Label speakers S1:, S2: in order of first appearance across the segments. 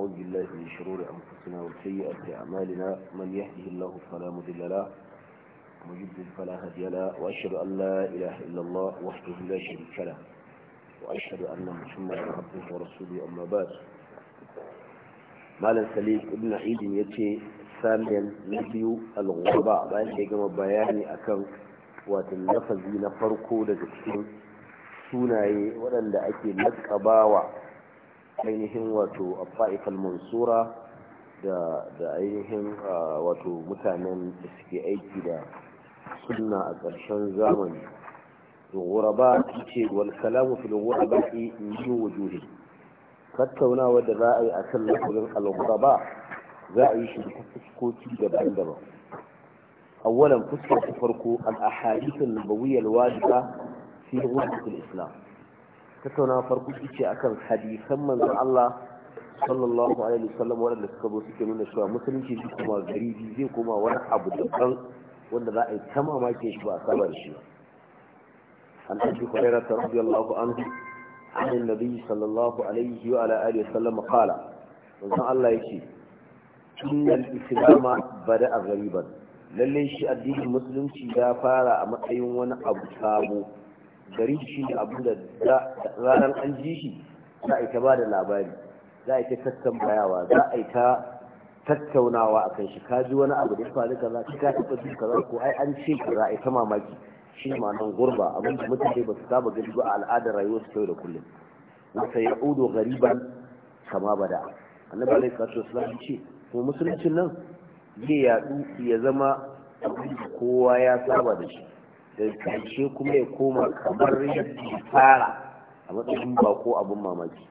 S1: ونعوذ بالله من شرور أنفسنا وسيئات أعمالنا من يهده الله فلا مضل له ومجد فلا هادي له وأشهد أن لا إله إلا الله وحده لا شريك له وأشهد أن محمدا عبده ورسوله أما بعد مالا سليم ابن عيد يتي ثانيا نبي الغرباء بأن يجمع بياني أكم وتنفذي نفرقه لتكتين sunaye waɗanda ake lakabawa ainihin wato afa'ifal mansura da ainihin wato mutanen da suke aiki da sunna a ƙarshen zamani ta ce wal kalamu fil ghuraba min wujuhi tattaunawa da za a yi a kan lafazin al-ghuraba za a yi shi da fuskoki daban-daban awwalan fuskar ta farko al-ahadith an-nabawiyyah wajiba fi ghurbat al-islam tattauna farko ce akan hadisan manzon Allah sallallahu alaihi wasallam wanda suka zo suke nuna cewa musulunci shi kuma garibi zai koma wani abu daban wanda za a yi ta mamaki shi ba a saba da shi ba an abi ta radiyallahu anhu عن النبي صلى الله عليه وعلى آله وسلم قال وزن الله يكي إن الإسلام بدأ غريبا للي شيء الدين المسلم شيء فارا أما أيوان أبو gari shi ne abin da ranar an ji shi za a yi ta ba da labari za a yi ta tattambayawa za a yi ta tattaunawa a kan shi ka ji wani abu da ya faru za ka taɓa ji kaza ko ai an ce kaza a yi ta mamaki shi ne ma'anar gurba abin da mutane ba su saba gani ba a al'adar rayuwar su yau da kullum wata ya udo gariban kama bada annabi alaihi salatu wasallam ce ko musuluncin nan zai yaɗu ya zama kowa ya saba da shi da karshe kuma ya koma kamar yadda fara a matsayin bako abin mamaki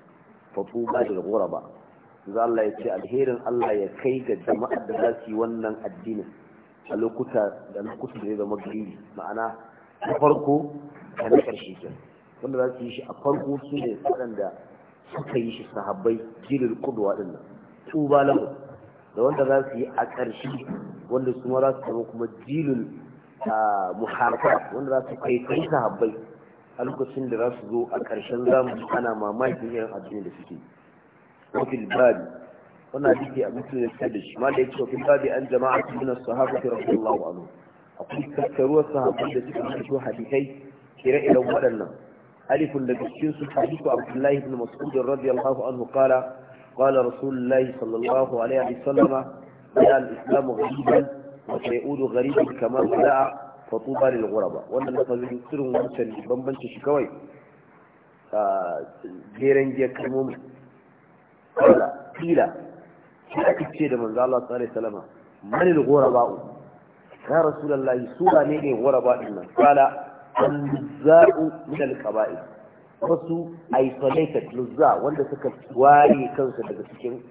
S1: fatu ba da gora ba za Allah ya ce alherin Allah ya kai ga jama'ar da za su yi wannan addinin a lokuta da lokuta da ya zama gari ma'ana na farko da na karshe ke wanda za su yi shi a farko su ne waɗanda suka yi shi sahabbai jirin kudu waɗannan tuba lamu da wanda za su yi a ƙarshe wanda su ma za su zama kuma jirin. muharfa wanda za su kai kai sahabbai a lokacin da za su zo a ƙarshen zamu ana mamakin irin addini da suke wafil babi wannan a mutum ya da shi ma da yake wafil babi an jama'a su bin sahabati radiyallahu anhu akwai tattaruwar sahabbai da suka fito hadisai ire-iren waɗannan alifun daga cikin su hadisu abdullahi ibn mas'ud radiyallahu anhu qala qala rasulullahi sallallahu alaihi al-islamu ghaliban wata ya udu garibi kamar fila'a fa tuba lil ghuraba wannan da fazil turun wancan bambanci shi kawai a geren je kalmom kala kila shi ake ce da manzo Allah sallallahu alaihi wasallam man lil ghuraba ya rasulullahi sura ne ne ghuraba din nan kala al-za'u min al-qaba'il wasu isolated luzza wanda suka ware kansu daga cikin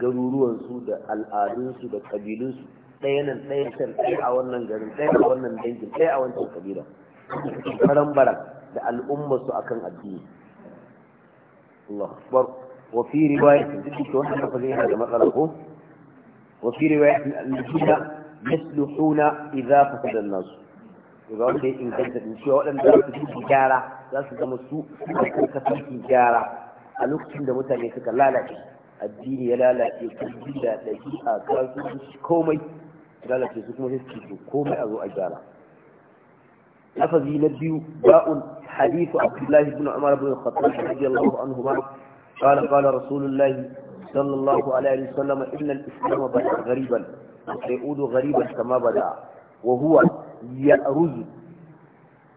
S1: garuruwansu da al'adunsu da ƙabilunsu ɗaya nan ɗaya can ɗaya a wannan garin ɗaya a wannan dangin ɗaya a wancan kabila karan baran da al'umma su akan addini Allah akbar wa fi riwayatin duk da wannan lafazin yana da matsala ko wa fi riwayatin al-jina yasluhuna idza fasada an-nas ga wanda ya inganta din cewa waɗanda za su yi gyara za su zama su kan kasance gyara a lokacin da mutane suka lalace addini ya lalace kan da ɗabi'a kasuwanci komai قال في حكمه كوم أبو أجارة أفضي نبي باء حديث عبد الله بن عمر بن الخطاب رضي الله عنهما قال قال رسول الله صلى الله عليه وسلم إن الإسلام بدا غريبا سيعود غريبا كما بدا وهو يأرز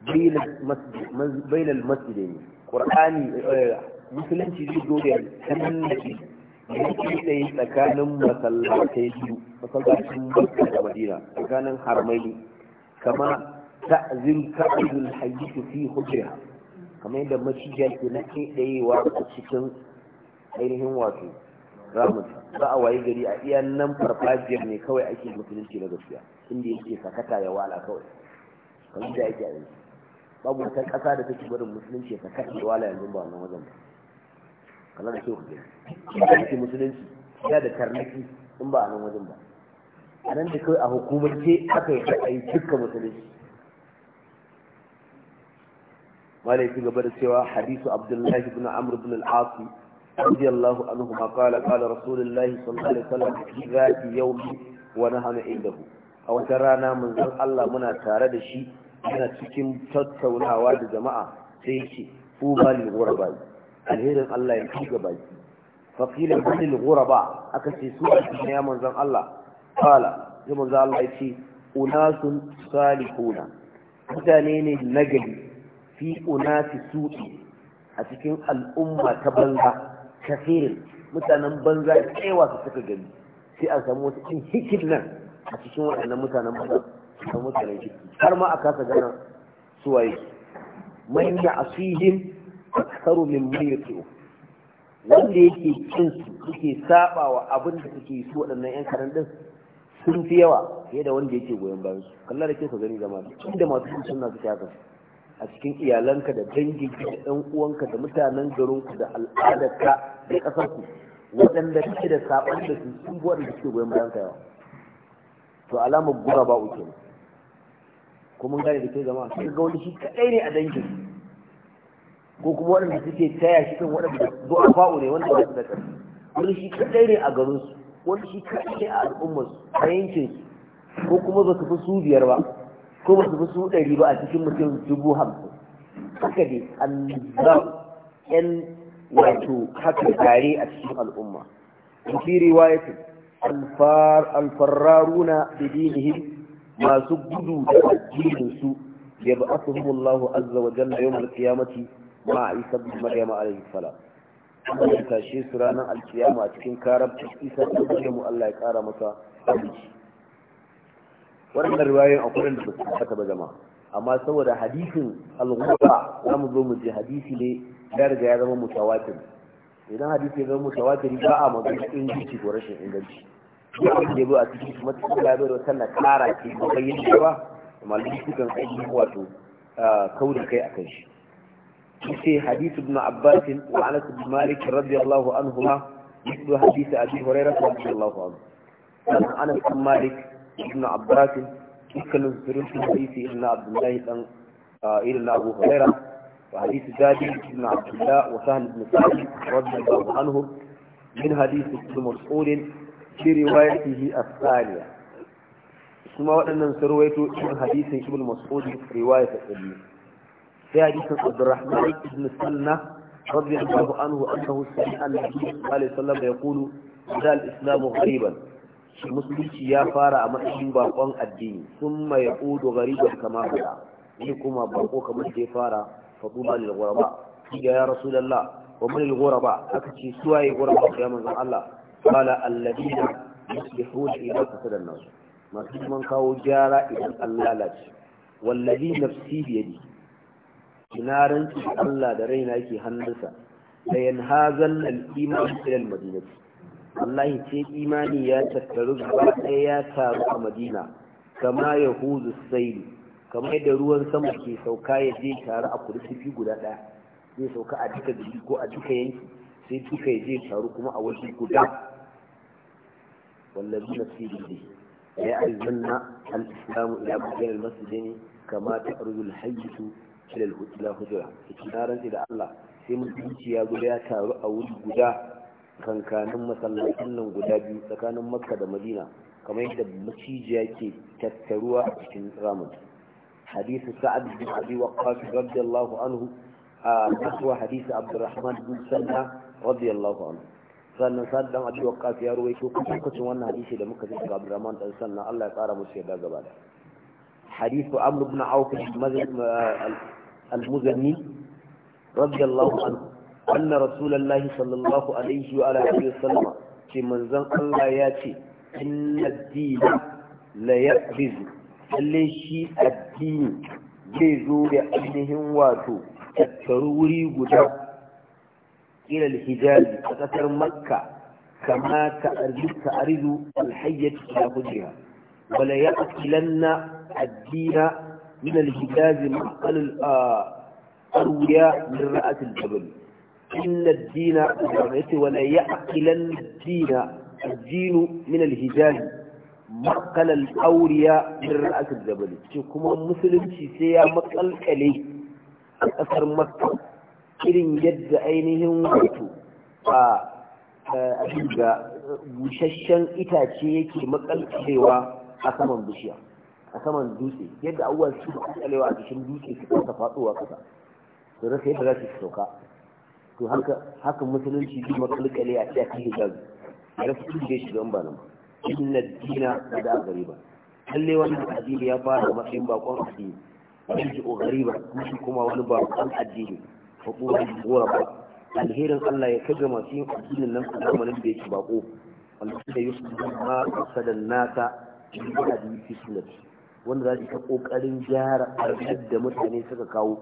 S1: بين المسجد بين المسجدين قرآني مثلا تجد دوري da yi tsakanin masallatai biyu masallacin makka da madina tsakanin harmai kama ta'zim ta'zul hayyitu fi hujriha kamar yadda macijiya ke na ɗayewa a cikin ainihin wato ramus za a waye gari a iya nan farfajiyar ne kawai ake musulunci na gaskiya inda yake sakata ya wala kawai kamar da ake a yanzu babu wata ƙasa da take barin musulunci ya sakata ya wala yanzu ba wannan wajen ba kana da shehu kenan da yake musulunci ya da karnaki in ba a nan wajen ba a nan da kawai a hukumance aka yi a yi dukkan musulunci malai ci gaba da cewa hadisu abdullahi ibn amr ibn al-as رضي الله عنهما قال قال رسول الله صلى الله عليه وسلم في ذات يوم ونحن عنده a wata rana manzon Allah muna tare da shi yana cikin tattaunawa da jama'a sai ce ubali gurbai alherin Allah ya shiga baki faqila bil ghuraba aka ce su a ya manzan Allah fala ya manzan Allah ya ce unasun salihuna mutane ne nagari fi unasi suɗi. a cikin al'umma ta banza kafirin mutanen banza tsewa su suka gani sai a samu wata cin hikin a cikin waɗannan mutanen banza da mutanen ciki har ma a kasa ganin suwaye man ya asihim aksaru min mayyatu wanda yake cin su yake saba wa abin da suke su waɗannan yan karan din sun fi yawa fiye da wanda yake goyon bayan su kallar da kinsa gani zama da masu cin suna suke haka a cikin iyalanka da dangin da ɗan uwanka da mutanen garinku da al'adarka da ku, waɗanda kake da saɓon da su sun fi da suke goyon bayan ka yawa to alamar gura ba uke kuma gane da ke zama sai ga wani shi kaɗai ne a dangin ko kuma waɗanda suke taya shi kan waɗanda du'a fa'u ne wanda ba su da ƙarfi wani shi kaɗai ne a garinsu wani shi kaɗai ne a al'ummarsu a yankin su. ko kuma ba su fi su biyar ba ko ba su fi su ɗari ba a cikin mutum dubu hamsin haka dai an zam yan wato haka tare a cikin al'umma fi riwayatin alfararuna da dinihim masu gudu da addininsu ya ba asuhumullahu azza wa jalla yawmal qiyamati ma a isa bin maryam alaihi salam an ya tashe su ranar alkiyama a cikin karabta isa da mu Allah ya kara masa aminci wannan riwayoyin akwai da ba su ba jama'a amma saboda hadisin al-ghurba za mu zo mu ji hadisi ne ya riga ya zama mutawatir idan hadisi ya zama mutawatiri ba a magana inganci ko rashin inganci duk abin da ya a cikin kuma cikin labar da sannan kara ce ba bayyana ba malamin sukan aiki wato ah, kauri kai a kan shi yace hadith ibn abbas wa anas ibn malik radiyallahu anhuma yaqulu hadith abi hurairah radiyallahu anhu anas ibn malik ibn abbas yakulu sirun hadith ibn abdullah dan ibn abu hurairah wa hadith jabi ibn abdullah wa sahl ibn sa'd radiyallahu anhu min hadith ibn mas'ud fi riwayatih as kuma waɗannan sarwaito ibn hadith ibn mas'ud riwayat al-bukhari في حديث عبد الرحمن بن سنة رضي الله عنه أنه سمع النبي صلى الله عليه وسلم يقول إذا الإسلام غريبا musulunci ya fara a matsayin bakon addini sun mai hudu gariban kama fada ne kuma bako kamar da ya fara faɗuɓa ne da guraba ya ya rasu lalla wa mani da guraba aka ce suwaye guraba ya manzan Allah kala alladina yuslihu da idan ka sadan masu kawo gyara idan an lalace ina Allah da raina ke hannunsa da yanhazan al-iman ila madina ce imani ya tattaru gaba ɗaya ya taru a madina kama ya huzu saili Kama yadda ruwan sama ke sauka ya je taru a kurkufi guda ɗaya zai sauka a duka gari ko a duka yanki sai duka ya je taru kuma a waje guda wallazi nafsi bihi ya arzanna al-islamu ila bayan masu masjidin kama ta arzul hayyitu ilal ila hujura cikin da Allah sai mun zuciya guda ya taru a wuri guda kankanin masallacin nan guda biyu tsakanin makka da madina kamar yadda macijiya ke tattaruwa a cikin ramin sa'ad bin abi waqqas radiyallahu anhu a naswa hadisi abdurrahman bin sanna radiyallahu anhu sannan sa'ad dan abi waqqas ya ruwaito kusurkucin wannan hadisi da muka ji daga abdurrahman dan sanna Allah ya kara musu yadda gaba da حديث al-muzanni radiyallahu anhu anna rasulullahi sallallahu alaihi wa alihi wasallam manzon Allah ya ce inna ad-dina la yaqbiz lalle shi addini zai zo da ainihin wato tattaru wuri guda إلى الحجاز فكثر مكة كما تعرض الحية إلى وجهها وليأكلن الدين من الحجاز مقل الأروياء من رأس الجبل إن الدين ولا يعقلن الدين الدين من الحجاز مقل الأورياء من رأس الجبل كما مسلم شيء مقل إليه أثر مكة irin yadda ainihin wato a abin da busasshen itace yake makalcewa a saman bishiya a saman dutse yadda abubuwa su alewa a cikin dutse su kasa faɗowa kasa su rasa yadda za su sauka to haka haka musulunci duk makalkale a cikin hijabi a rasa duk da shiga ba nan inna dina da da ba, lalle wannan addini ya fara da matsayin bakon addini wani ji'o gariba shi kuma wani bakon addini ko kuma hukumar gora ba alherin Allah ya kaga masu yin addinin nan a zamanin da yake bako wanda suka yi su ma da nasa in ji hadisi sunnati wanda za su ta kokarin gyara abin da mutane suka kawo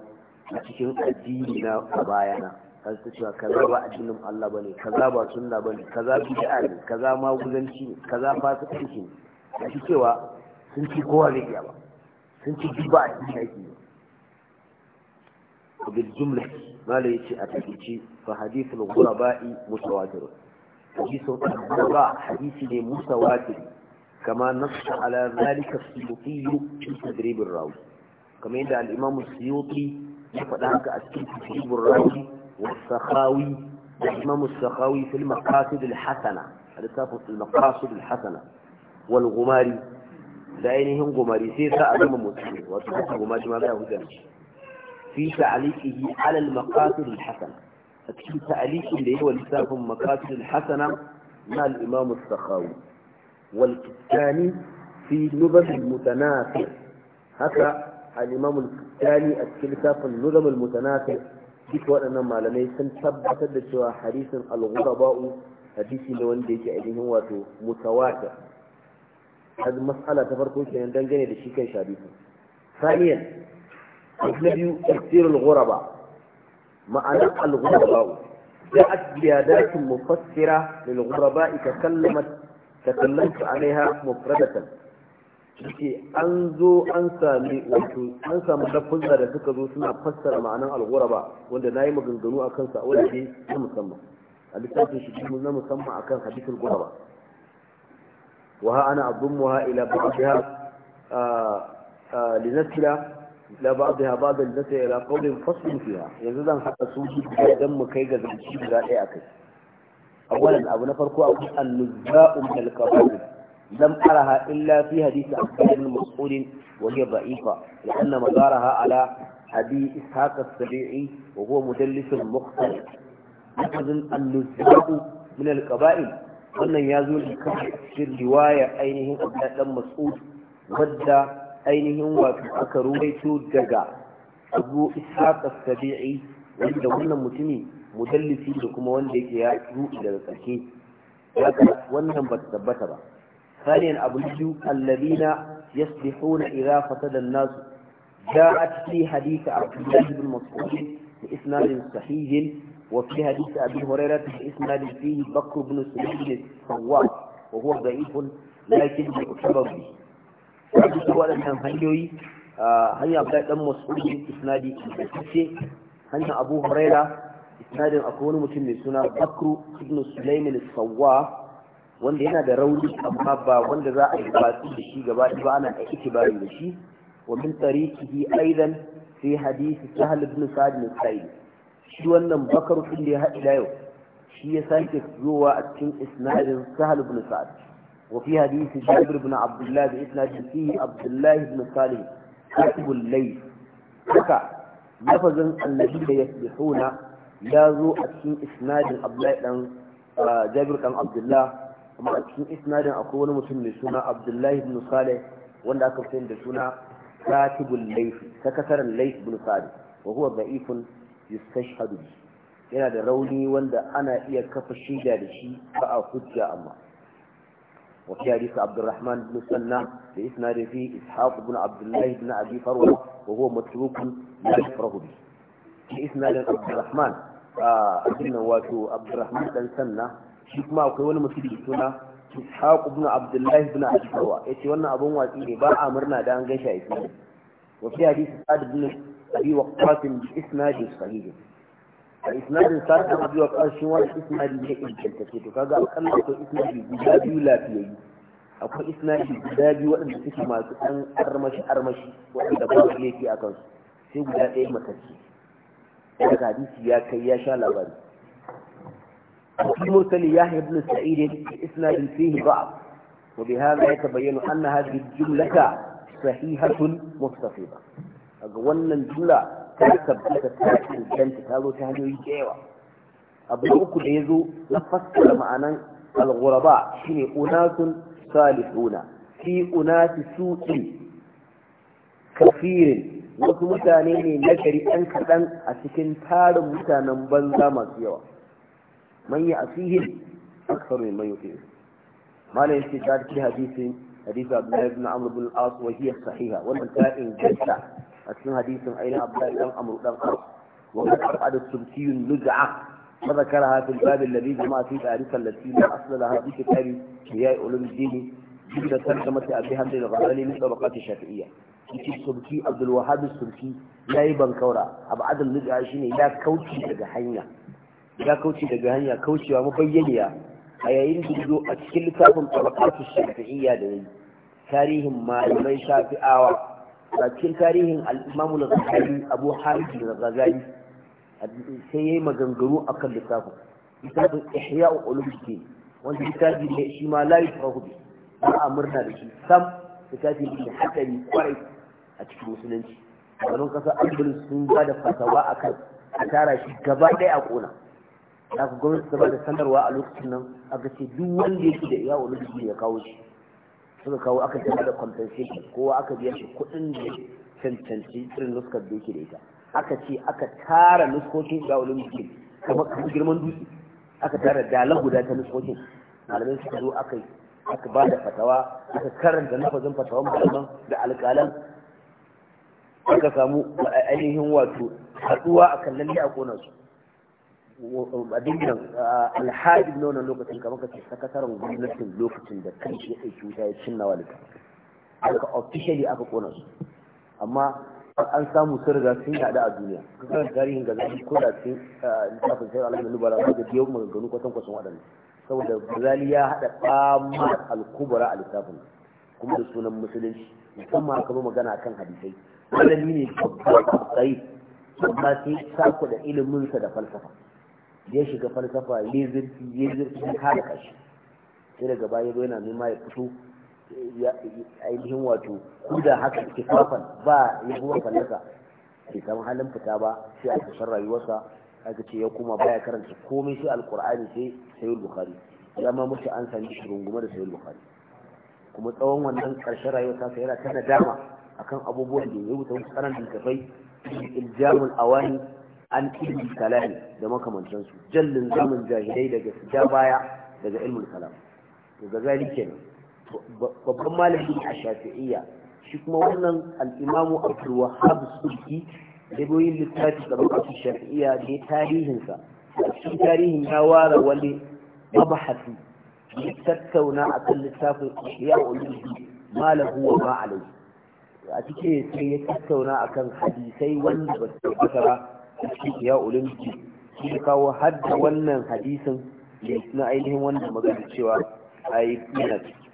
S1: a cikin addini na a bayana kan su cewa kaza ba addinin Allah bane kaza ba sunna bane kaza bid'a ne kaza maguzanci ne kaza fasikanci ne a shi cewa sun ci kowa zai iya ba sun ci duk ba a cikin aiki a bil jumla mala yace a takeici fa hadithul ghuraba'i mutawatir hadisul ghuraba hadisi ne mutawatir كما نص على ذلك السيوطي في تدريب الراوي كما يدعى الإمام السيوطي يفضلك أسكين تدريب الراوي والسخاوي الإمام السخاوي في المقاصد الحسنة الإسافة في المقاصد الحسنة والغماري لأنهم غماري سيسا أمام مسلم وتحسن غماري ما بيه في تعليقه على المقاصد الحسنة أتكلم تعليق اللي هو الإسافة المقاصد الحسنة مع الإمام السخاوي والكتاني في نظم المتنافع هكا الإمام الكتاني أتكلم في النظم المتنافع كتوى أن ما لم يسن ثبت لسوى حديث الغرباء حديث لون دي جائده هو متواتر هذا مسألة تفرقون كي يندنجني لشيكي شابيه ثانيا أجنبي تكثير الغرباء معنى الغرباء جاءت بيادات مفسرة للغرباء تكلمت takallantu alaiha mufradatan yake an zo an sami wato an samu lafuzza da suka zo suna fassara ma'anan al-ghuraba wanda nayi maganganu akan sa wanda ke na musamman a littafin shi na musamman akan hadithul ghuraba wa ana adummuha ila ba'dha linasla ila ba'dha ba'd al-nasa ila qawlin fasl fiha yanzu zan haka su dan mu kai ga guda ɗaya kai. أولا أبو نفر كو النزاء من الكبائر لم أرها إلا في حديث عبد بن مسعود وهي ضعيفة لأن مدارها على أبي إسحاق السبيعي وهو مدلس مختلف لفظ النزاء من الكبائر wannan ya zo da cikin riwaya ainihin abdadan mas'ud wadda ainihin wato aka ruwaito daga abu ishaq as-sabi'i wanda wannan mutumi mudallisi da kuma wanda yake ya ruɗe daga ƙarshe haka wannan ba ta tabbata ba saniyan abu biyu alladina yaslihuna idza fasada an-nas ja'at fi hadith abdullah ibn mas'ud bi isnadin sahih wa fi hadith abi hurairah bi isnadin fihi bakr ibn sulaym sawwab wa huwa da'if lakin bi sababi waɗannan hanyoyi ah, hanya abdullahi dan mas'ud bi isnadi ingantacce Hanyar abu hurairah isnadin akwai wani mutum mai suna bakru ibn sulaiman sawwa wanda yana da rauni amma ba wanda za a yi batsi da shi gaba ba ana a itibari da shi wa min tariqihi aidan sai hadisi sahal ibn sa'd bin sa'id shi wannan bakar din da ya haɗu da yau shi ya sake zuwa a cikin isnadin sahal ibn sa'd wa fi hadisi jabir ibn abdullah bi isnadin fihi abdullah ibn salih katibul layl haka lafazin annabi da yasbihuna ya zo a cikin isnadin abdullahi dan ah, jabir dan abdullah kuma a cikin isnadin akwai wani mutum mai suna abdullahi ibn saleh wanda aka fi da suna katibul laifi sakataren laif ibn saleh wa huwa da'ifun yustashhadu yana da rauni wanda ana iya kafa shida da shi ba a hujja amma وفي حديث عبد الرحمن بن سنة بإسناد فيه إسحاق بن عبد الله بن أبي فروة وهو متروك لا يفره به في إسناد عبد الرحمن abin wato abdurrahman dan sanna shi kuma akwai wani mutum da suna ishaq ibn abdullahi ibn Ya yace wannan abun watsi ne ba a murna da an gaishe shi wa fi hadisi sa'd ibn abi waqqas bi isnad sahih isnadin sa'd ibn abi waqqas shi wani isnadi ne ingantacce to kaga akalla ko isnadi guda biyu lafiyayyu akwai isnadi guda biyu waɗanda suke masu ɗan armashi armashi waɗanda ba su laifi a kansu sai guda ɗaya matacce daga hadisi ya kai ya sha labari المرسل يحيى بن سعيد إسناد فيه ضعف وبهذا يتبين أن هذه الجملة صحيحة مستفيضة أقولنا الجملة تثبت تأكل الجنة هذا تهدو يجيوة أبو أكو ليزو لفصل معنا الغرباء شيني أناس صالحون في أناس سوء كثير wasu mutane ne na gari ɗan kaɗan a cikin tarin mutanen banza masu yawa man yi asihin a man mai fiye malam yake ta cikin hadisin hadisin abdullahi ibn amr ibn al-as wa hiya sahiha wannan ta inganta a cikin hadisin ainihin abdullahi dan amr dan as wa qad qad da subti nuz'a فذكرها في الباب الذي جمع فيه da التي لا اصل لها في كتاب احياء علوم الدين جلد ترجمه ابي حمد الغزالي من طبقات shafi'iyya. yake surki abdul wahab ya yi bankaura abu adal shi ne ya kauce daga hanya ya kauce daga hanya kaucewa mabayyaniya a yayin da zo a cikin littafin tabaqatu shafi'iyya da yayi tarihin malamai shafi'awa a cikin tarihin al-imamu al-ghazali abu hamid al-ghazali sai yayi maganganu a kan littafin littafin ihya'u ulumuddin wanda littafi ne shi ma la yutrahu bi ba a murna da shi sam littafi ne hadari kwarai a cikin musulunci wani kasa ambulance sun ba da fatawa a kan a tara shi gaba ɗaya a ƙona da ku gwamnati ta ba da sanarwa a lokacin nan a ce duk wanda yake da iya wani jiki ya kawo shi suka kawo aka ce da compensation kowa aka biya shi kuɗin da cancanci irin nuskar da yake da ita aka ce aka tara nuskokin ga olympic kamar kamar girman dutse aka tara dalar guda ta nuskokin malamai suka zo aka aka ba da fatawa aka karanta nufazin fatawan malaman da alƙalan aka samu ainihin wato haduwa a kan lalle a kona su a dinginan Alhaji na wannan lokacin kamar ka ce sakataren gwamnatin lokacin da kan shi ya ɗauki wuta ya cinna wa littafi aka officially aka kona su amma an samu sun riga sun yada a duniya kusan tarihin ga zai ko da sun littafin sai alamun lubara ba da biyu maganganu kwatan kwasan waɗanda saboda gazali ya haɗa ɓama al-kubra a littafin kuma da sunan musulunci musamman aka zo magana kan hadisai malami ne kai amma sai sako da iliminsa da falsafa ya shiga falsafa ya zurfi ya zurfi ya kada kashi sai daga baya zo yana nema ya fito ainihin wato ku da haka kifafan ba ya zuwa fallasa ke samu halin fita ba sai a kasar rayuwarsa aka ce ya kuma baya karanta komai sai alkur'ani sai sayul bukhari ya ma mutu an sami shi rungume sayul bukhari kuma tsawon wannan karshen rayuwarsa sai yana ta dama. akan abubuwan da ya wuce karan littafai iljamul awani an ilmi kalami da makamantansu jallin zamun jahilai daga ja baya daga ilmul kalam to ga zali kenan babban malami a shafi'iyya shi kuma wannan al-imamu abdul wahhab sulki da boyin littafi da bakatun shafi'iyya da tarihinsa a cikin tarihin ya ware wani mabahasi ya tattauna akan littafin ihya malam malahu wa ma a cike sai ya tattauna a kan hadisai wanda ba su tabbata ba a cikin ya ulimci shi ya kawo hadda wannan hadisin da na ainihin wanda magana cewa a yi yana ciki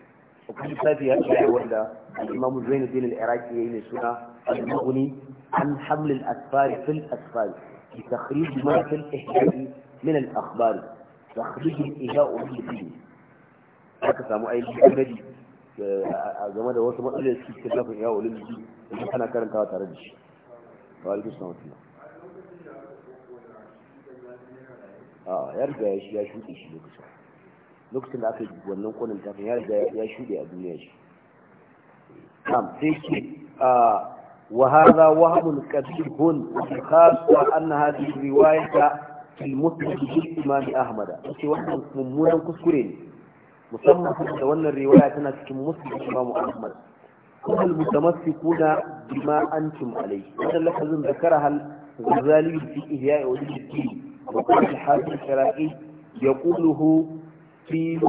S1: a kuma safi ya ce wanda imamu zainuddin al-iraqi ya yi mai suna al-mughni an hamlil asfari fil asfari في تخريج ما في الإحياء من الأخبار تخريج الإجاء به haka samu ainihin gadi a game da wasu matsalolin da suke cikin lafin yawon lullubi da ana kawo tare da shi a ya riga ya shi ya shuɗe shi lokacin lokacin da aka yi wannan kwanan tafin ya riga ya shuɗe a duniya shi kam sai ce وهذا وهم كبير وخاصة أن هذه الرواية في المسلم بالإمام أحمد وكي وهم kuskure كسكرين musamman da wannan riwaya tana cikin muslim imamu ahmad kuma mutamassikuna bima antum alai wannan lafazin zakara hal ghazali fi ihya wa jiddi wa qala al-hafiz shara'i yaquluhu fi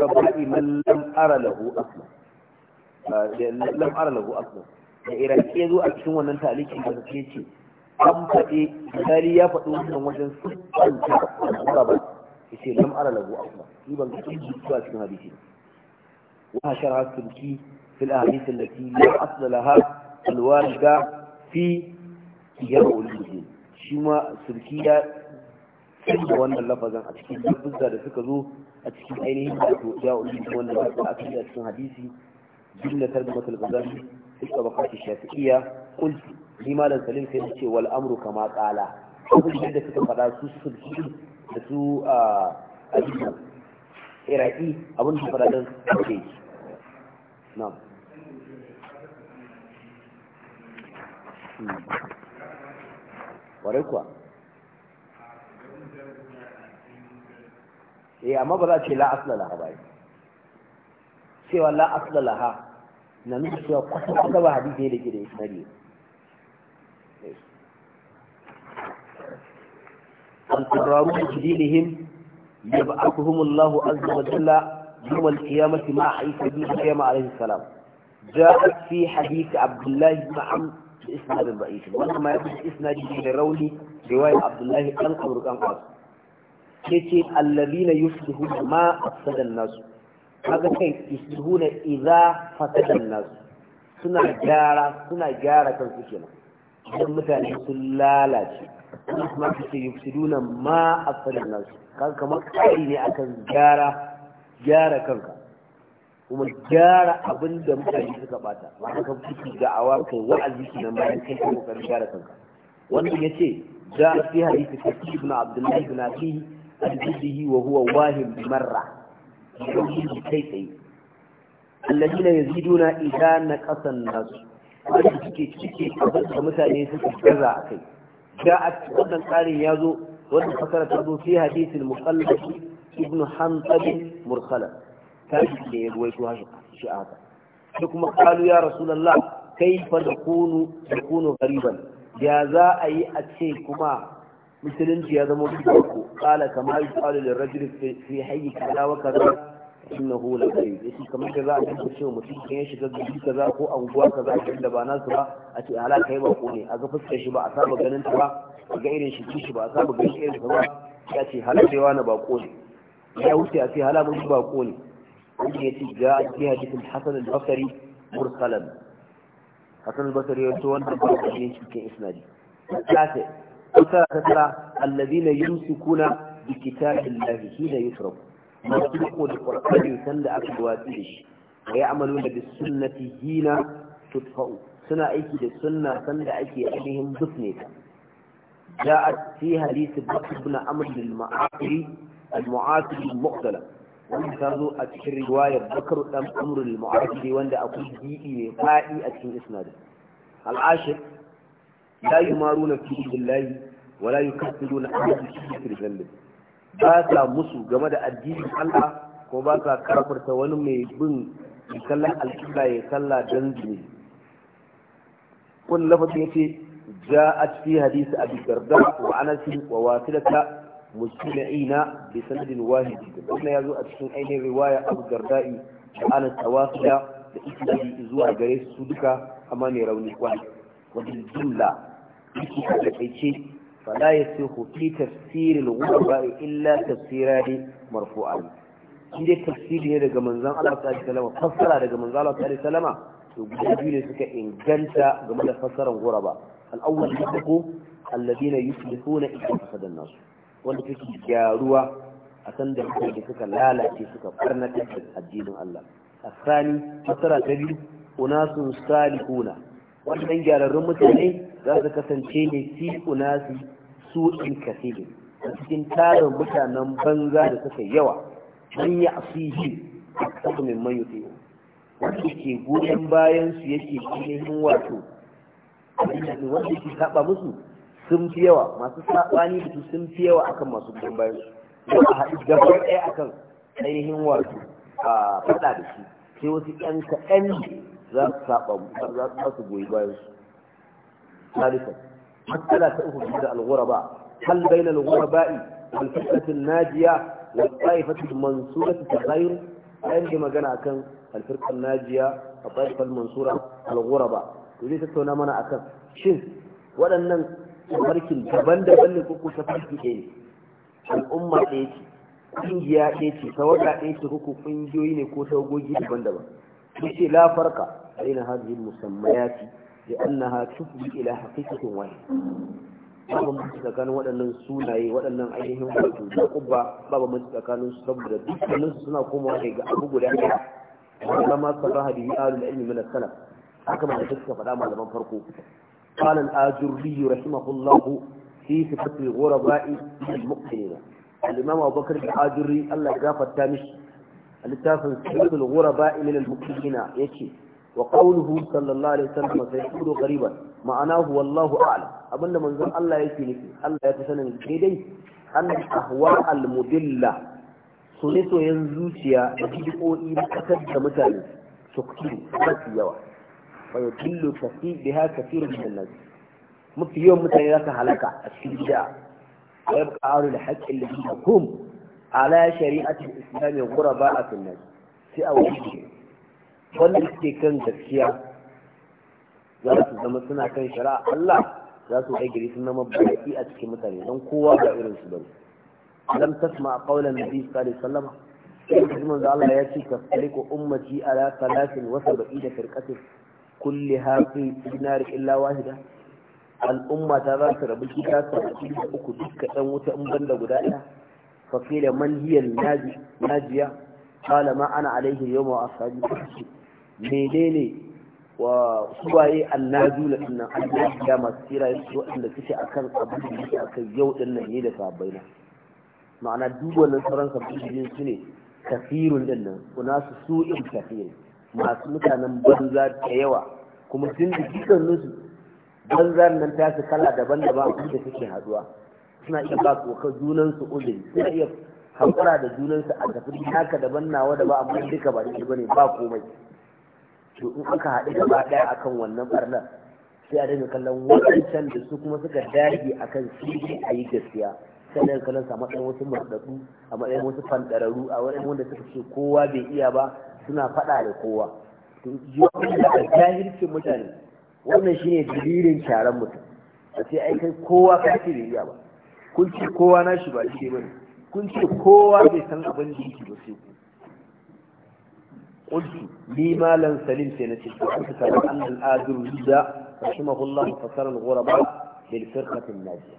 S1: gaba'i man lam ara lahu asla ah, lam ara lahu asla da iraki zo a cikin wannan talikin da kake ce an faɗi misali ya faɗi wannan wajen siffanta ba yace lam ara lahu asma shi ban ga inji zuwa cikin hadisi wa sharha sulki fi al-ahadith allati la asla laha al-warida fi yarul muslim shi ma sulki ya da wannan lafazan a cikin lafuzza da suka zo a cikin ainihin wato ya ulil wannan da aka yi a cikin hadisi jumla tarjumatul ghazali fi tabaqat ash-shafi'iyya qult limalan salim sai ce wal amru kama qala abin da suka faɗa su sulki da su a abinan iraki abin da faradar ke na ƙwarai hmm. kuwa eh amma ba za a ce la asla laha ba cewa la asla laha na nuna cewa kwasa kwasa ba hadisi da ke da isnari الضرارون بدينهم يبعثهم الله عز وجل يوم القيامة مع عيسى بن مريم عليه السلام جاءت في حديث عبد الله بن عمرو بإسناد ضعيف وإنما يكون إسناد لروني رواية عبد الله عن عمرو بن عاص yace allazina yusluhuna ma afsada an-nas kaga kai yusluhuna idza fasada an-nas suna gyara suna gyara kansu kenan idan mutane sun lalace kuma kuma su ce yufsiduna ma afsadan nasu kan kamar kai ne akan gyara gyara kanka kuma gyara abin da mutane suka bata ba ka fiki da awa kai wa'azi kinan bayan kai ka kan gyara kanka wannan yace a fi hadisi kashi ibn abdullahi ibn abi al-jiddihi wa huwa wahim bi marra yau kai tsaye alladina yaziduna idan ƙasan nas wanda suke cike abin da mutane suka gaza a kai? جاءت wannan tsarin ya zo wannan fasara ta zo fi hadisin musallaf ibn hanbal mursala ta da ya ruwaito shi haka sai kuma qalu ya rasulullah kaifa nakunu nakunu qariban ya za a yi a ce kuma musulunci ya zama duk ko kala kama yuqalu lirajuli fi hayyi kaza wa kaza innahu la gari yace kamar da za a dinga cewa mutum kan ya shiga gari kaza ko anguwa kaza a da ba na su ba a ce ala kai ba ne a ga fuskar shi ba a saba ganin ta ba a ga irin shi shi ba a saba ganin irin ta ba ya ce halacewa na bako ne ya wuce a ce halamun shi bako ne wanda ya ce ga a cikin hadisin hasan al-basri mursalan hasan al-basri ya ce wannan ba a cikin cikin isnadi kasa kasa alladhina yumsikuna bi kitabillahi hina yusrafu masu riko da ƙwarƙwarin sanda aka watsi da shi wa ya amalu da bi sunnati hina tutfa'u suna aiki da sunna sanda ake ainihin busne ta ja'at fi hadisi bakr ibn amr al-ma'asiri al-mu'asiri wanda ta zo a cikin riwayar bakar dan amr al wanda akwai bi'i mai faɗi a cikin isnadin al-ashir la na fi billahi ولا يكفرون أحد في الجنة ba musu game da addinin Allah ko ba sa karfarta wani mai bin ya kalla alƙibla ya kalla don zume. Kun lafafin yace ja a cikin hadisi a bigarda wa anasin wa na musulmi'ina bi sanadin wahidi da kuma ya zo a cikin ainihin riwaya abu gardai da anas ta wasila da yi zuwa gare su duka amma mai rauni kwan wajen jumla ikilali da kai ce فلا يصح في تفسير الغرباء إلا تفسيران مرفوعان inda tafsiri ne daga manzan Allah ta salama fassara daga manzan Allah ta alaihi salama to guda biyu ne suka inganta game da fassaran guraba al'awwal da uku alladina yuslihuna idza fasadan nas wanda take gyaruwa a san da suka lalace suka barnata da addinin Allah asani fassara ta biyu unasun salihuna wannan gyararrun mutane za su kasance ne fi unasi su'in kasiri a cikin tarin mutanen banza da suka yawa a ya yi a kasa min man yutsiyo wanda ke goyon bayan su yake ainihin wato wanda ke saba musu sun fi yawa masu sabani da su sun fi yawa akan masu goyon bayan su yau a haɗu gabar ɗaya akan ainihin wato a faɗa da shi sai wasu ƴan kaɗan za su saba za su goyi bayan su. matsala ta uku da al-ghuraba hal bayna al-ghuraba'i wal fitnati an-najiya wal ta'ifati al-mansurati tagayur ayan da magana akan al-firqa najiya a ta'ifa al-mansura al-ghuraba to zai tattauna mana akan shin waɗannan tafarkin daban-daban ne kuku tafarki ɗaya ne al'umma ɗaya ce ɗaya ce ɗaya ce ƙungiyoyi ne ko tawagogi daban-daban farka aina hadhihi al لأنها تفضي إلى حقيقة واحدة babu mutu tsakanin waɗannan sunaye waɗannan ainihin wato da kubba babu mutu tsakanin su saboda suna komawa ne ga abu guda ɗaya wanda ma sabaha bihi alul ilmi min ma faɗa farko قال الآجري رحمه الله في صفة الغرباء المؤمنين الإمام أبو بكر الآجري الله يغفر تامش التافن صفة الغرباء من المؤمنين يشي وقوله صلى الله عليه وسلم سيكون قريبا معناه والله أعلم أبدا من ذلك الله يكينك الله يتسنن كيدي أن أهواء المدلة سنسو ينزوشيا يجيبوا إلى أكد مثال سكتين بس يوا ويدل كثير بها كثير من الناس مفي يوم مثل لك هلكة الشجاع ويبقى أهل الحق الذين هم على شريعة الإسلام غرباء في الناس في أول شيء wanda suke kan gaskiya za su zama suna kan shari'a Allah za su kai gari suna zama a cikin mutane don kowa ba irin su bane lam tasma qawlan nabi sallallahu alaihi wasallam sai manzo Allah ya ce tafriqu ummati ala 73 firqatin kulliha hafi dinar illa wahida al'umma ta za su rabu gida ta da uku duka ɗan wuta in banda guda ɗaya fa da man hiyar najiya kala ma ana alaihi yawma ashabi menene wa suwaye annazula dinnan da masu tsira su waɗanda suke akan abin da suke akan yau dinnan ne da sabbai na ma'ana duk wannan sauran sabbin su ne kafirun dinnan kuna su su'in kafirin masu mutanen banza da yawa kuma sun da dukkaninsu banza nan ta su kala daban-daban abin da suke haduwa suna iya ba junan junansu uzuri suna iya hankura da junansu a tafi haka daban nawa da ba amma duka ba ne ba komai to in aka haɗu gaba ɗaya akan wannan barnar sai a daga kallon wancan da su kuma suka dage akan sirri a yi gaskiya sai daga kallon samu ɗan wasu marɗaɗu a matsayin wasu fanɗararru a wani wanda suka ce kowa bai iya ba suna faɗa da kowa to yawan da jahilcin mutane wannan shine dalilin taron mutum a sai ai kai kowa ka ce bai iya ba kun ce kowa na shi ba shi bane kun ce kowa bai san abin da yake ba sai قلت لي مالا سليم سنتي وأنت أن الآذري رحمه الله فسر الغرباء بالفرقة الناجية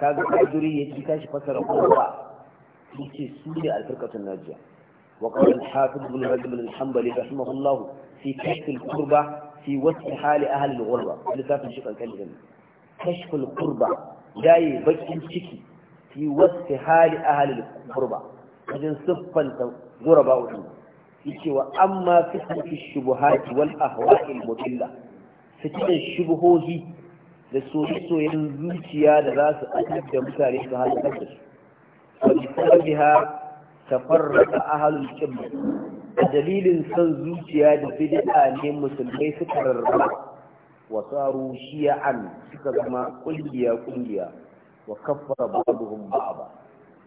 S1: كان الآذري يجي فسر الغرباء في سوريا الفرقة الناجية وقال الحافظ بن رجب الحنبلي رحمه الله في كشف القربة في وصف حال أهل الغربة لذلك نشوف الكلمة كشف القربة جاي بكين شكي في وصف حال أهل الغربة وجن صفا غرباء وحنبلي yake wa amma fitnatu shubuhati wal ahwa'il mudilla fitnan shubuhohi da soye-soyen zuciya da za su ɓatar da mutane su halakar da su wani sababiha tafarraka ahalul kibla a dalilin son zuciya da bid'a ne musulmai suka rarraba wa tsaru shi'an suka zama kungiya kungiya wa kaffara ba'dhum ba'da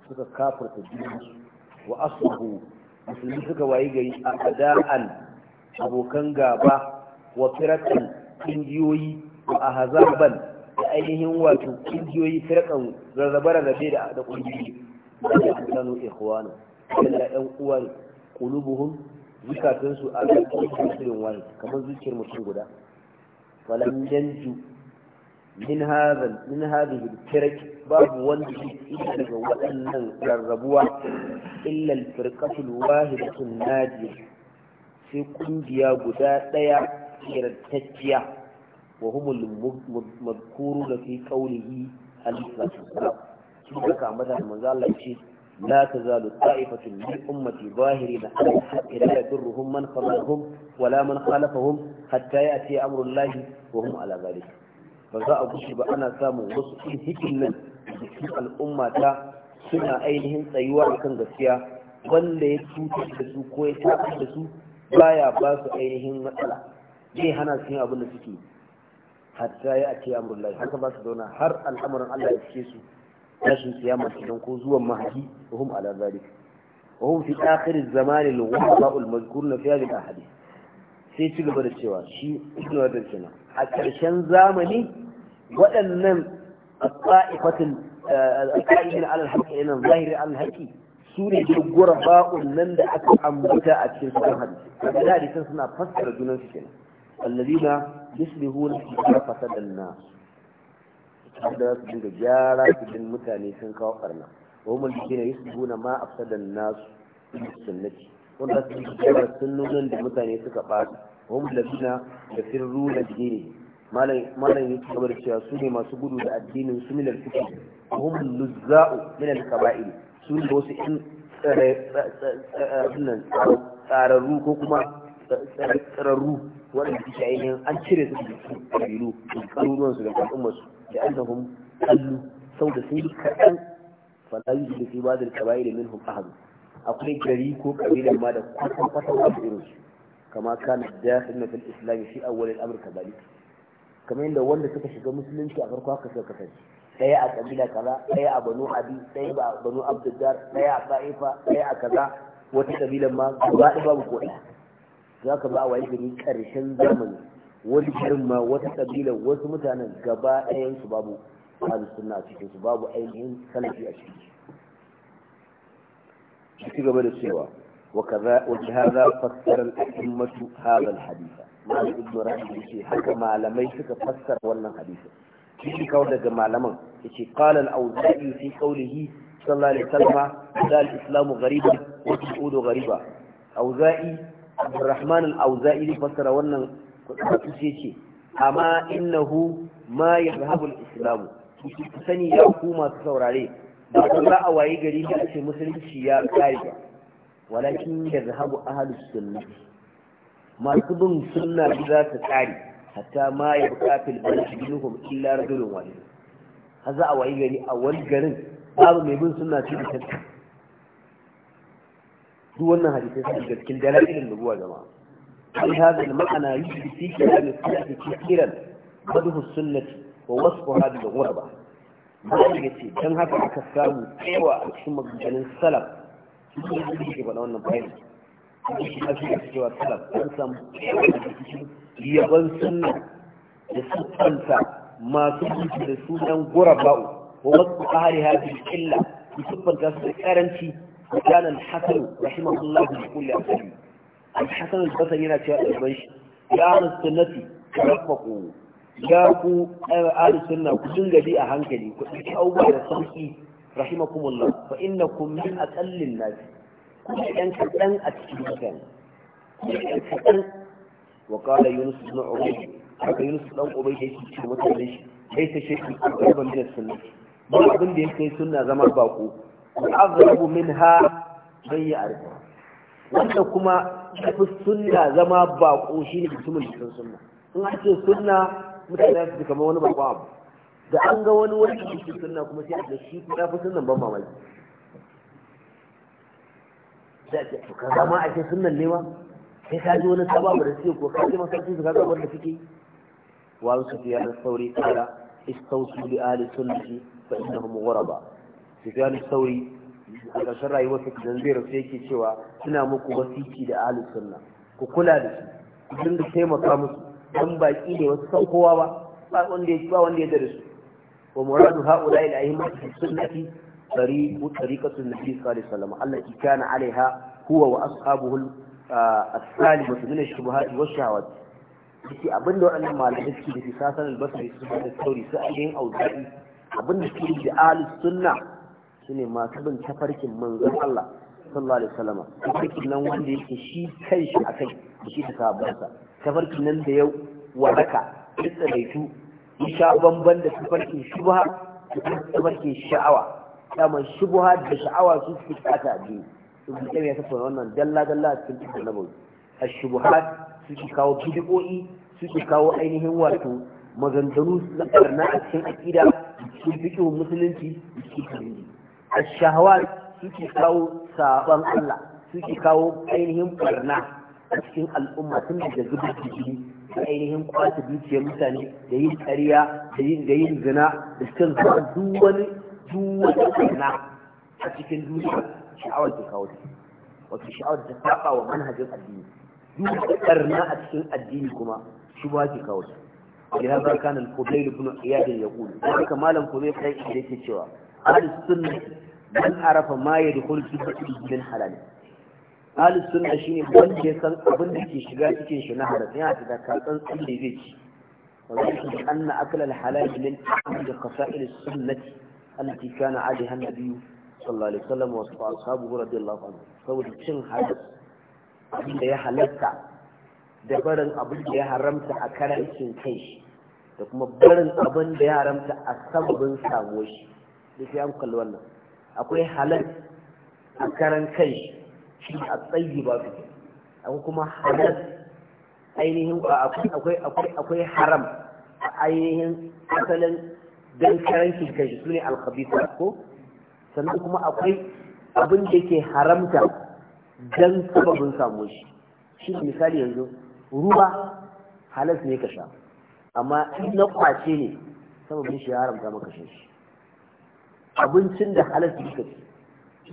S1: suka kafirta junansu wa asbahu musulmi suka wayi gari a ada'an abokan gaba wa firatan kungiyoyi wa ahzaban da ainihin wato kungiyoyi firkan da rarrabe da kungiyoyi da an sanu ikhwana da ɗan uwan qulubuhum zukatansu a cikin sirrin wani kamar zuciyar mutum guda walam yanju min hadha min hadhihi al babu wanda ke ita daga waɗannan rarrabuwa illal firqatul wahidatun nadiya sai kungiya guda ɗaya kirtacciya wa humul madkuru da fi qawlihi al-islam shi da ka ambata da manzo Allah ce la tazalu ta'ifatun min ummati zahirina ala al-haqqi la yadurruhum man khalafahum wala man khalafahum hatta ya'ti amrullahi wa hum ala dhalik ba za a gushi ba ana samun wasu cikin hikin nan cikin al'umma ta suna ainihin tsayuwa a kan gaskiya wanda ya cutar da su ko ya tafi da su baya ba su ainihin matsala zai hana su yin abin da suke hatta ya ake lai haka ba su zauna har al'amuran Allah ya cike su rashin masu kenan ko zuwan mahaji da hum ala zalik wa hum fi akhir az-zaman al-wahda al-mazkur na fiya bil ahadith sai ci gaba da cewa shi ibnu wadar kenan a ƙarshen zamani waɗannan الطائفة القائمين على الحق إن الظاهر على الحق سوري جبور باء لن دعك أنبتاء أكثر سورة حديث فبدا لسان سنة فسر جنان سكين الذين يسلهون إذا فسد الناس هذا سبيل جارة بن متاني سنكا وقرنا وهم الذين يسلهون ما أفسد الناس في السنة wanda su yi jara sunnonin da mutane suka ɓata wani labina da firru na jini malam yake gaba cewa su ne masu gudu da addinin su minal fiqh hum luzza'u minal kaba'ir su ne wasu in tsararru ko kuma tsararru wanda waɗanda suke ainihin an cire su da kabilu ɗaruruwan su da al'ummarsu da annahum kallu saboda sun yi kaɗan su yi da fi badar kaba'ir minhum ahadu akwai gari ko kabilan ma da kwatan kwatan abu irinsu kama kana da na fil islam fi awwal al-amr kamar yadda wanda suka shiga musulunci a farko haka suka kasance ɗaya a kabila kaza ɗaya a banu abi ɗaya a banu abdullar ɗaya a sa'ifa ɗaya a kaza wata kabila ma gaba ɗaya babu ko za ka ba a wayi gari ƙarshen zamani wani garin ma wata kabila wasu mutanen gaba ɗaya su babu ahlus sunna a cikin su babu ainihin salafi a cikin su ci gaba da cewa وكذا ولهذا فسر الأئمة هذا الحديث مالك ابن رجب يشي حكى معلمي سك فسر ولا حديث يشي كودا معلما يشي قال الأوزاعي في قوله صلى الله عليه وسلم ذا الإسلام غريبا والسعود غريبا أوزاعي عبد الرحمن الأوزاعي فسر ولا يشي أما إنه ما يذهب الإسلام يشي سني يقوم تصور عليه ba za a waye gari shi a ce musulunci ya kare ba walakin yazhabu ahlus sunnah masu bin sunna za ta tsare hatta ma ya buƙafi albarki minhum illa rajulun wahid har za a wayi gari a wani garin babu mai bin sunna ce da kanta duk wannan hadisai sun ga cikin dalilin da ruwa jama'a hal hadha al-ma'ana yujdi fi kalam al-salaf kathiran madhu sunnah wa wasfuha bil ghurba ma yace dan haka aka samu tsayawa a cikin maganganun salaf shi ne eh, da ke faɗa wannan bayan shi ne shi ne cewa talab an samu yaban sunna da siffanta masu mutu da sunan ba'u, wa wasu ƙari hajji illa da siffanta su da karanci وكان الحسن رحمه الله في كل أسلم الحسن البصري هنا ya البيش يا al السنة ترفقوا يا أهل السنة كل الذي أهنكني كنت da صحيح rahimakumullah fa innakum min aqallin nas kuma dan kadan a cikin mutane dan kadan wa qala yunus ibn ubayd haka yunus dan ubayd yake cikin mutane shi sai ta shi garban min sunna ba abin da yake sunna zama bako azrabu minha man ya'rifu wanda kuma tafi sunna zama shi ne mutumin cikin sunna in ake sunna mutane su kamar wani bako abu da an ga wani wani da yake sunna kuma sai a ga shi ya fi sunnan ban mamaki da ke to kaza ma ake sunnan ne sai ka ji wani sababu da suke ko ka ji ake su zama wanda suke wa su fiya da sauri kala istausu bi ahli sunnati fa innahum ghuraba da sauri a ƙarshen rayuwar su dan zai rasu yake cewa suna muku wasiki da ahli sunna ku kula da su ku dinga taimaka musu dan baki ne wasu san kowa ba ba wanda ya ba wanda ya da su ومراد هؤلاء الأئمة في السنة طريق طريقة النبي صلى الله عليه وسلم التي كان عليها هو وأصحابه السالمة من الشبهات والشهوات yake abin da waɗannan malamai suke da fisasan albasari su da sauri su ainihin auza'i abin da suke da ahlus sunna su ne masu bin tafarkin manzon Allah sallallahu alaihi wasallam tafarkin nan wanda yake shi kanshi akai da shi da sahabbansa Tafarki nan da yau waraka ya ya bamban da tafarkin shubha da tafarkin sha'awa daman shubha da sha'awa su suke tsaka biyu ibn qayyim ya tattauna wannan dalla dalla a cikin kitabun a ash su suke kawo su suke kawo ainihin wato maganganu na karna a cikin akida cikin fiqh musulunci cikin a shahawa su suke kawo saban Allah suke kawo ainihin ɓarna a cikin al'umma tun da zubar jiki da ainihin kwace dukiyar mutane da yin ƙarya da yin zina da suka zuwa duwani wani duk a cikin duniya sha'awar ta kawo ta sha'awar ta saba wa manhajin addini duk da a cikin addini kuma shubha ke kawo ta ولهذا كان الفضيل بن عياد يقول ذلك ما لم فضيل حيث يكي شوى أهل السنة من عرف ما يدخل في بطل من حلال ahlus sunna shine wanda ya san abin da ke shiga cikin shi na haram yana da katsan tsalle zai ci wa zalika anna akla al-halal min ahad khasa'il as-sunnati allati kana 'alayha an-nabiy sallallahu alaihi wasallam wa ashabuhu radiyallahu anhu saboda cin haram abin da ya halatta da barin abin da ya haramta a karancin kai shi da kuma barin abin da ya haramta a sabbin samuwa shi duk ya kalli wannan akwai halal a karan kai shi shi a tsayi ba su ke? akwai kuma halal ainihin akwai akwai haram a ainihin asalin don karancin kashi su ne alkhabisa ko sannan kuma akwai abin da ke haramta don sababin samu shi shi misali yanzu ruwa halas ne ka sha amma in na kwace ne sababin shi ya haramta maka shi abincin da halas ne ka ci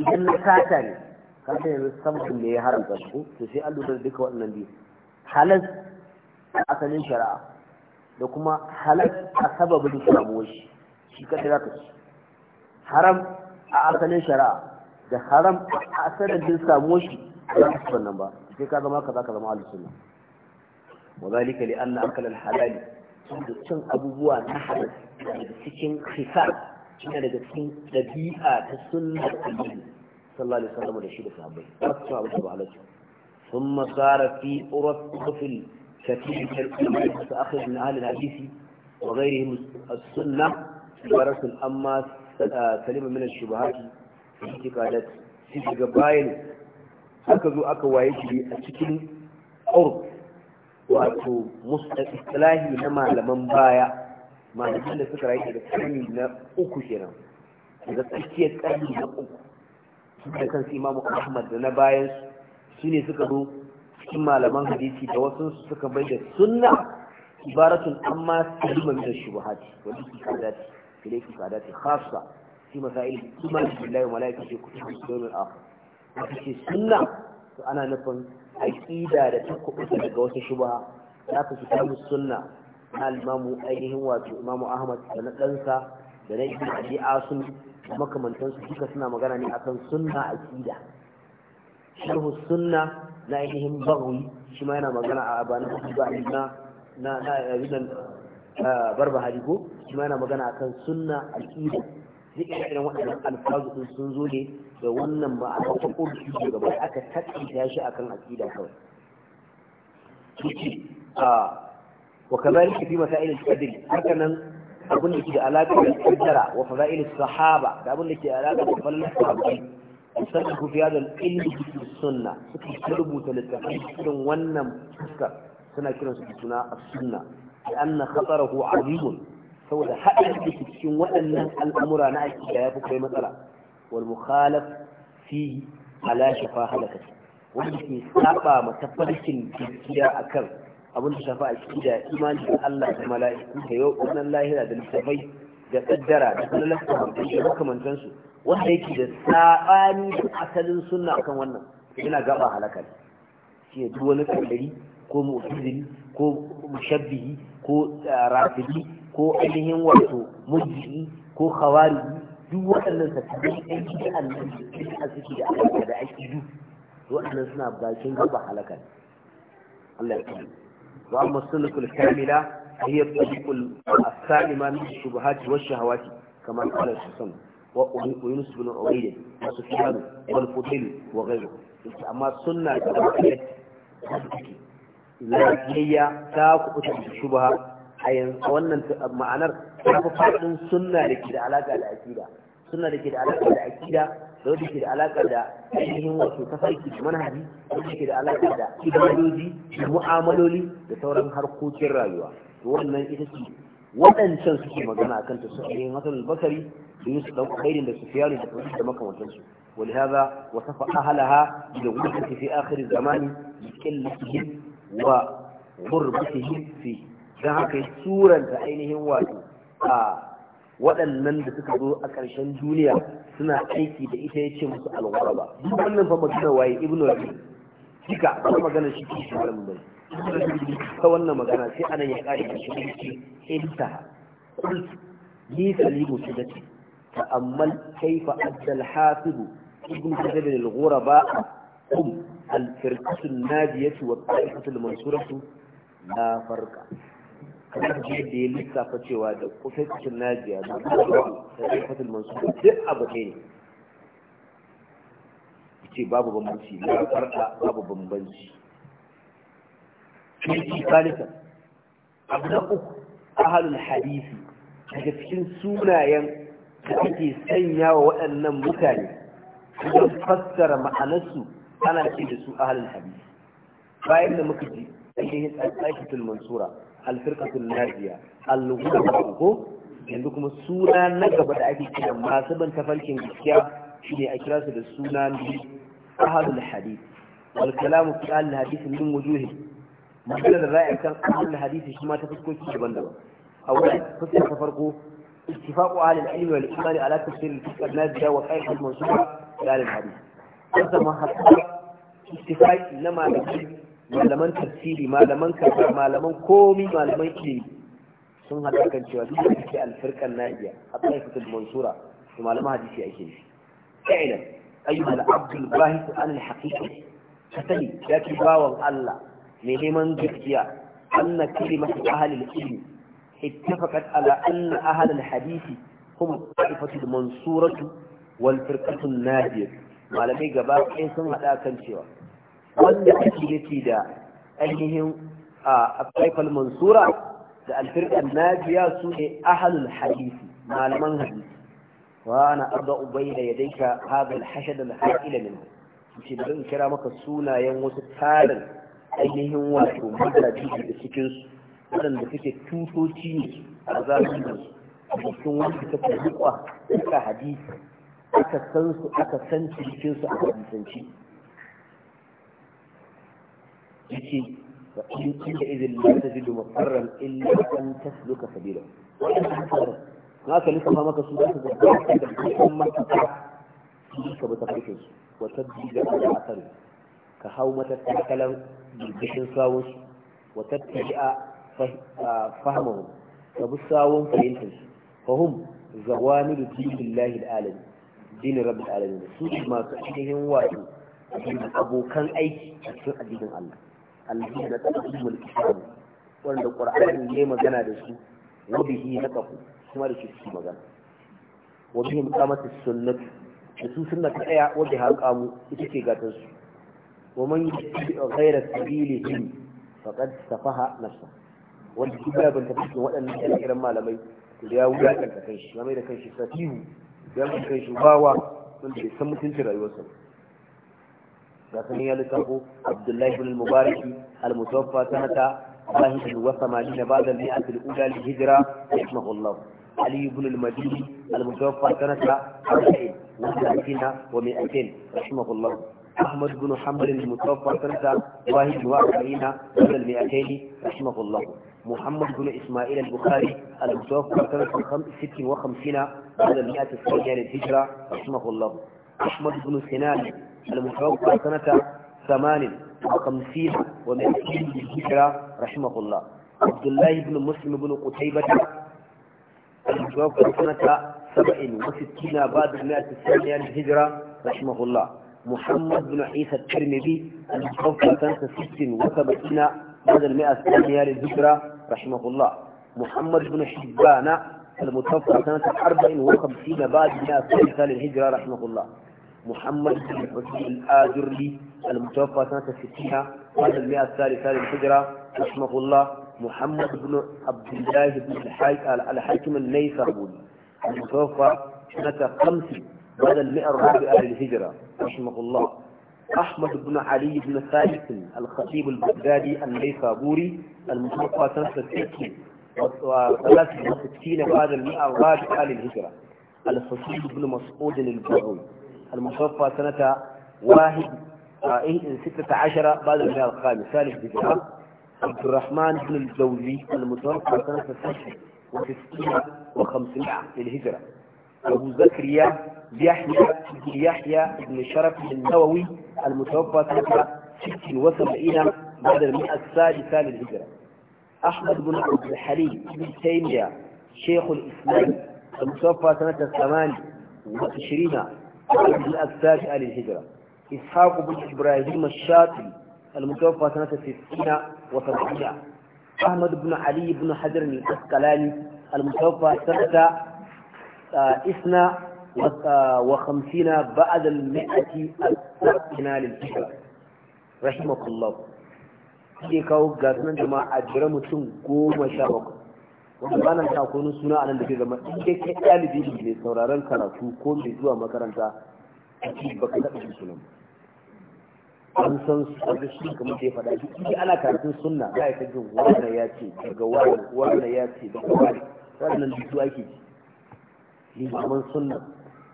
S1: idan na kata ne kaga yanzu sabbin ne ya haramta su to sai an lura da duka waɗannan biyu halas a asalin shari'a da kuma halas a sababin samuwar shi shi kada za ka ci haram a asalin shari'a da haram a asalin samuwar shi ba za ka ci wannan ba sai ka zama ka za ka zama alusunna وذلك لأن أكل الحلال cin abubuwa na halas daga cikin hisar shi daga cikin ɗabi'a ta sunnar addini sallallahu alaihi wasallam da shi da sahabbai wasu abu ba alaji thumma sara fi min ahli wa as amma uh, min aka zo aka waye shi a cikin wato mustaqilahi na malaman baya malaman da suka rayu daga karni na uku kenan daga tsakiyar karni na uku da kansu imamu ahmad da na bayan su ne suka zo cikin malaman hadisi da wasu suka bai da sunna ibaratun amma kalima min shubuhati wa bi kadati ilayki kadati khassa fi masail kuma billahi wa malaikati kutubi yawm al-akhir wata ce sunna to ana nufin aqida da ta kubuta daga wata shubha za ka kitabu sunna na al-imamu ainihin wato imamu ahmad da na ɗansa da na ibn abi asim makamantansu duka suna magana ne akan sunna a aqida sharhu sunna na ainihin bagwi shi ma yana magana a abana ba na na na yabinan eh, eh, barbahari ko shi ma yana magana akan sunna a Zai iya irin waɗannan alfazu din sun zo ne da wannan ba a kwakwar shi daga ba aka tattaita shi akan aqida kawai ah, wa a وكذلك في مسائل Haka nan. abin da ke da alaƙa da kaddara wa fada'il sahaba da abin da ke da alaƙa da fallan sahabbai sannan ku fiya da ilmi da sunna suka rubuta littafai irin wannan fuska suna kiran su suna a sunna da anna ko azimun saboda haɗin da ke cikin waɗannan al'amura na da ya fi kai matsala wal mukhalaf fi ala shafa halakati wanda ke saba ma tafarkin gaskiya akan abin da shafa aqida imani da Allah da mala'iku da yau wannan lahira da littafai da kaddara da sallallahu da makamantan su wanda yake da sabani da asalin sunna akan wannan yana gaba halaka shi duk wani kaddari ko mu'tazili ko mushabbihi ko rafidi ko ainihin wato mujji ko khawari duk waɗannan sabbin ɗan bid'an nan bid'a suke da alaƙa da aƙidu waɗannan suna bakin gaba halaka Allah ya kare وأما السنة الكاملة هي الطريق السالمة من الشبهات والشهوات كما قال الحسن ويونس بن عبيد وسفيان والفضيل وغيره أما السنة الكاملة lafiyayya ta kuɓuta da shubha a yanzu wannan ma'anar ta fi faɗin sunna da ke da alaƙa da akida sunna da ke da alaƙa da akida da wanda ke da alaƙa da ainihin wato tafarki da manhaji da wanda ke da alaƙa da ibadoji da mu'amaloli da sauran harkokin rayuwa to wannan ita ce waɗancan suke magana akan ta su ainihin hasan al-bakari da yusuf dan khairin da sufiyani da kuma da makamantansu ولهذا وصف أهلها بالغربة في آخر الزمان بقلتهم وغربتهم فيه don haka ya suranta ainihin wato a waɗannan da suka zo a ƙarshen duniya suna aiki da ita yace musu al-ghuraba duk wannan fa magana waye ibnu rabi dika ta magana shi ke shi malamin bai ta wannan magana sai anan ya kare shi shi inta qult li salibu sidati Ammal, kayfa adda al-hafiz ibn hajar al-ghuraba hum al-firqatu an-najiyatu wa al-ta'ifatu al-mansuratu la farqa kamar da ya lissafa cewa da kufaitun najiya da kufaitun mansuwa duk abu ɗaya ne ce babu bambanci na farka babu bambanci shi salisa abu na uku ahalul hadisi daga cikin sunayen da ake sanya wa waɗannan mutane don fassara ma'anarsu ana ce da su ahalul hadisi bayan da muka ji ainihin tsakitul mansura alfirqatul najiya al-ghulama ko yanzu kuma suna na gaba da ake kira masu ban tafarkin gaskiya shine a kira su da suna bi ahlul hadith wal kalamu fi ahlul hadith min wujuhi magana da ra'ayi kan ahlul hadith shi ma ta fuskoki daban-daban a wurin fuskar ta farko اتفاق اهل العلم والايمان على تفسير الفكره النازله والقائمه المنسوبه لاهل الحديث. هذا ما حصل اتفاق na نجد malaman tafsiri malaman kaza malaman komi malaman ilimi sun haɗa kan cewa duk da kake alfirkan najiya a tsaifin mansura to malaman hadisi ake nufi فعلا أيها العبد الباحث عن الحقيقة فتلي لكن باوى الله لمن ذكيا أن كلمة أهل العلم اتفقت على أن أهل الحديث هم الطائفة المنصورة والفرقة الناجية malamai gaba ɗaya sun haɗa kan cewa wanda ake yake da ainihin a kaifal mansura da alfirkan najiya su ne ahalul hadisi malaman hadisi wa ana arda ubai da yadaika hada alhashad alhaqila min shi da zan kira maka sunayen wasu tarin ainihin wato madadi da cikin su waɗanda suke tutoci ne a zamanin su cikin wanda suka rikwa suka hadisi aka san su aka san cikin su a hadisanci yace wa in kunta idhin la tajidu muqarran illa an tasluka sabila na ka lissafa maka su zaka ga ka da kan maka ka bi tafarkin su wa tabdida ala ka hau mata takalan bishin sawun su wa tattabi'a ka bi sawun fahimtar su fahum zawamilu dinillahi alamin dinin rabbil alamin su masu ainihin wato abokan aiki a cikin addinin Allah alladhina taqdimul kitab wanda qur'ani ne magana da su wa na naqafu kuma da shi su magana wa bihim qamat as-sunnah da su sunna ta tsaya wa biha qamu ita ce gatar su wa man yuti ghayra sabilihim faqad safaha nafsahu wanda duk ya banta cikin waɗannan ƙirƙirar malamai da ya wuya wulaƙanta kai shi, mai da kai shi safihu ya mai da kanshi bawa wanda ya san mutuncin rayuwarsa ba لكن هي لتنقو عبد الله بن المبارك المتوفى سنة واحد وثمانين بعد المئة الأولى للهجرة رحمه الله علي بن المديني المتوفى سنة أربعين وثلاثين ومئتين رحمه الله أحمد بن حمد المتوفى سنة واحد وأربعين بعد المئتين رحمه الله محمد بن إسماعيل البخاري المتوفى سنة ست وخمسين بعد المئة الثانية للهجرة رحمه الله أحمد بن سنان المتوفى سنة ثمان وخمسين ومئتين للهجرة رحمه الله عبد الله بن مسلم بن قتيبة المتوفى سنة سبع وستين بعد المئة الثانية للهجرة رحمه الله محمد بن عيسى الترمذي المتوفى سنة ست وسبعين بعد المئة الثانية للهجرة رحمه الله محمد بن حبان المتوفى سنة أربع وخمسين بعد المئة الثالثة للهجرة رحمه الله محمد بن حسين الآجري المتوفى سنة ستين بعد المئة الثالثة للهجرة رحمه الله محمد بن عبد الله بن الحاكم النيسابوري المتوفى سنة خمس بعد المئة الرابعة للهجرة رحمه الله أحمد بن علي بن ثالث الخطيب البغدادي النيسابوري المتوفى سنة ستين وثلاث وستين بعد المئة الرابعة للهجرة الحسين بن مسعود البغوي المتوفى سنة واحد آه، إيه، ستة عشر بعد الشهر الخامس ثالث هجرة عبد الرحمن بن الجوزي المتوفى سنة ستة وتسعين وخمسمائة للهجرة أبو زكريا يحيى بن يحيى بن شرف النووي المتوفى سنة ستة وسبعين بعد المئة السادسة للهجرة أحمد بن عبد الحليم بن تيمية شيخ الإسلام المتوفى سنة ثمان وعشرين وعلى الأكتاج آل الهجرة إسحاق بن إبراهيم الشاطي المتوفى سنة ستين وسبعين أحمد بن علي بن حجر الأسقلاني المتوفى سنة إثنى وخمسين بعد المئة السابقين للهجرة رحمه الله sai kawo gasunan jama'a a jira mutum goma sha bakwai wanda ba nan ta konu suna a nan da ke zama in dai kai ɗalibi ne sauraron karatu ko mai zuwa makaranta a ci baka taɓa shi sunan an san wanda shi kamar da ya faɗa shi shi ana karatun sunna za a ta jin wani ya ce daga wani ya ce da wani wannan duk ake ji limaman sunna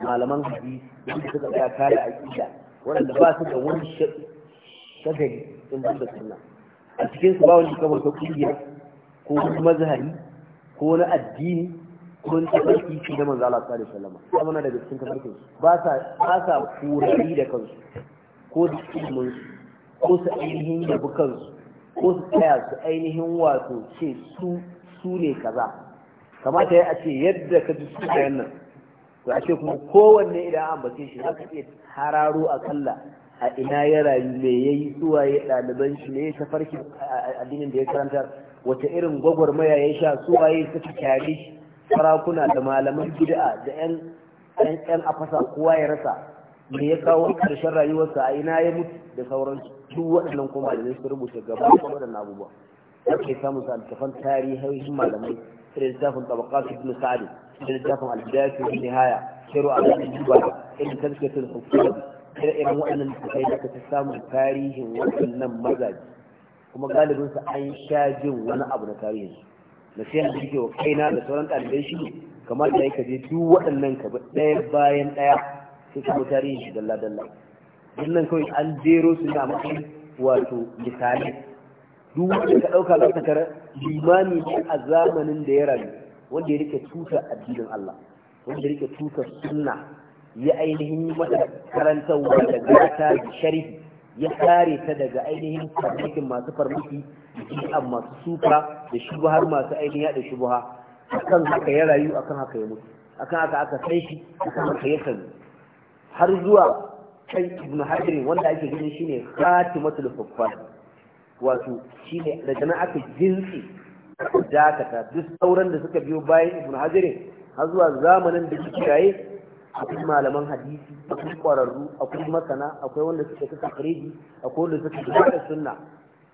S1: malaman hadisi wanda suka tsaya kare a ƙida wanda ba su da wani shagari in da sunna a cikinsu ba wani kamar ta ƙungiyar, ko kuma mazhari ko na addini ko na tafarki shi da manzo Allah sallallahu alaihi wasallam amma na daga cikin tafarkin ba sa ba sa kurari da kansu ko da ilimin ko su ainihin bukan kansu ko su tsaya su ainihin wato ce su su ne kaza kamata ya ce yadda ka ji su da nan to a ce kuma kowanne idan an bace shi za ka iya hararo kalla a ina ya rayu me yayi suwaye ɗaliban shi ne ya tafarki addinin da ya karanta wata irin gwagwarmaya ya sha su waye suka kyare sarakuna da malaman bid'a da yan yan afasa kowa ya rasa me ya kawo karshen rayuwarsa a ina ya mutu da sauran duk waɗannan kuma da su rubuta gaba da waɗannan abubuwa ke samun sa littafan tarihin malamai irin littafin tabaqat ibn sa'd irin littafin al-bidayah wa nihaya shiru al-jibal irin tazkiyatul hukm irin waɗannan littafai da ta samun tarihin waɗannan mazaji kuma galibin su an sha jin wani abu na tarihi. su nasiha da wa kaina da sauran ɗalibai shi kamar da yake je duk waɗannan ka ɗaya bayan ɗaya sai kuma tarihin shi dalla dalla nan kawai an jero su na matsayin wato misali duk wanda ka ɗauka za ka tara limami ne a zamanin da ya rayu wanda ya rike tutar addinin Allah wanda ya rike tutar sunna ya ainihin mata karantarwa da gata da sharifi ya kare ta daga ainihin farmakin masu farmaki da masu suka da shubuhar masu ainihin yada shubuha akan haka ya rayu akan haka ya mutu akan haka aka sai shi akan haka ya sanu har zuwa kan ibn hajjirin wanda ake ganin shine khatimatul fuffar wato shi ne daga nan aka jintsi dakata duk sauran da suka biyo bayan ibn hajjirin har zuwa zamanin da suke raye akwai malaman hadisi akwai kwararru akwai masana akwai wanda suka ta takriji akwai wanda suka ta da sunna